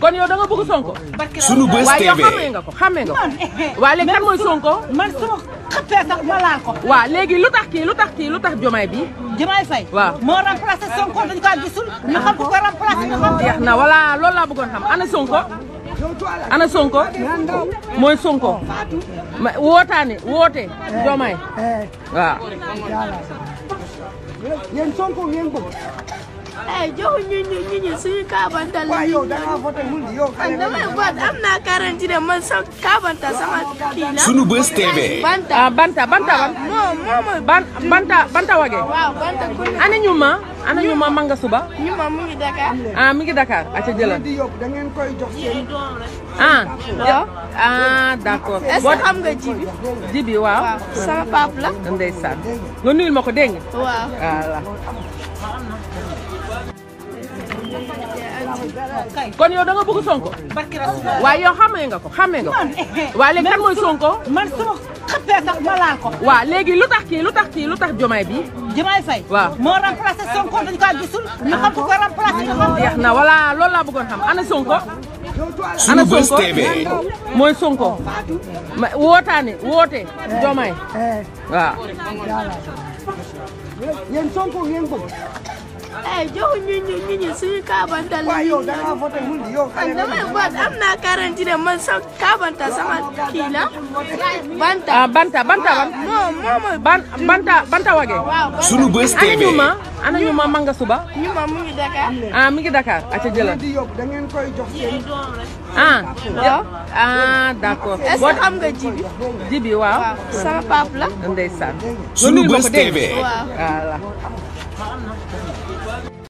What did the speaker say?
kon yow da nga bëgg Sonko. sunu bés yow xamee nga ko xamee nga ko. Eh, eh. waaw léegi kan mooy Sonko. man sama lu tax kii lu tax kii lu tax jomaay bi. jomaay fay. waaw moo remplacé Sonko dañu ko gisul. ñu xam ko ko ñu xam. jeex na voilà loolu laa bëggoon xam ana Sonko. ana Sonko mooy Sonko ma woote jomaay eh, waaw. ay eh, joxuñu ñu ñu ñu suñu kaabantal la ñu. waaw yow da ngaa ah, sama kii la. sunu bës TV. banta ah banta banta moo moo banta banta wage. waaw banta ku ne. ana ñu ma ana ñu ma manga suba. ñu mu ngi Dakar. ah mu ngi Dakar aca jëlal. da ngeen koy jox seen. ah ah jibi. jibi waaw. sama pap la. ndeysaan nga nuyul ma ko dégg nga. waaw ah, kon yow da nga bëgg Sonko. barki yow xamee nga ko xamee nga ko. Eh, eh. waaye léegi kan Sonko. ma xëppee sax ma laal ko. waaw léegi lu tax kii lu tax kii lu tax Jomaay bi Jomaay Faye waaw moo remplacé Sonko dañu ko gisul. ñu xam ko ko remplacé ah, na voilà loolu laa bëggoon xam ana Sonko. ana Sonko mooy Sonko. wootaane woote Jomaay yéen Sonko ngeen bëgg ay eh, joxuñu ñu ñu ñu suñu kaabantal la yow da nga voté mun di kii la banta ah, banta banta moom moom banta banta wage sunu bés TV ana ñu ma manga suba ñu ma Dakar ah mu ngi Dakar a ah, ca jëlal ah, jibi jibi waaw sama pap la ndeysaan sunu bés TV voilà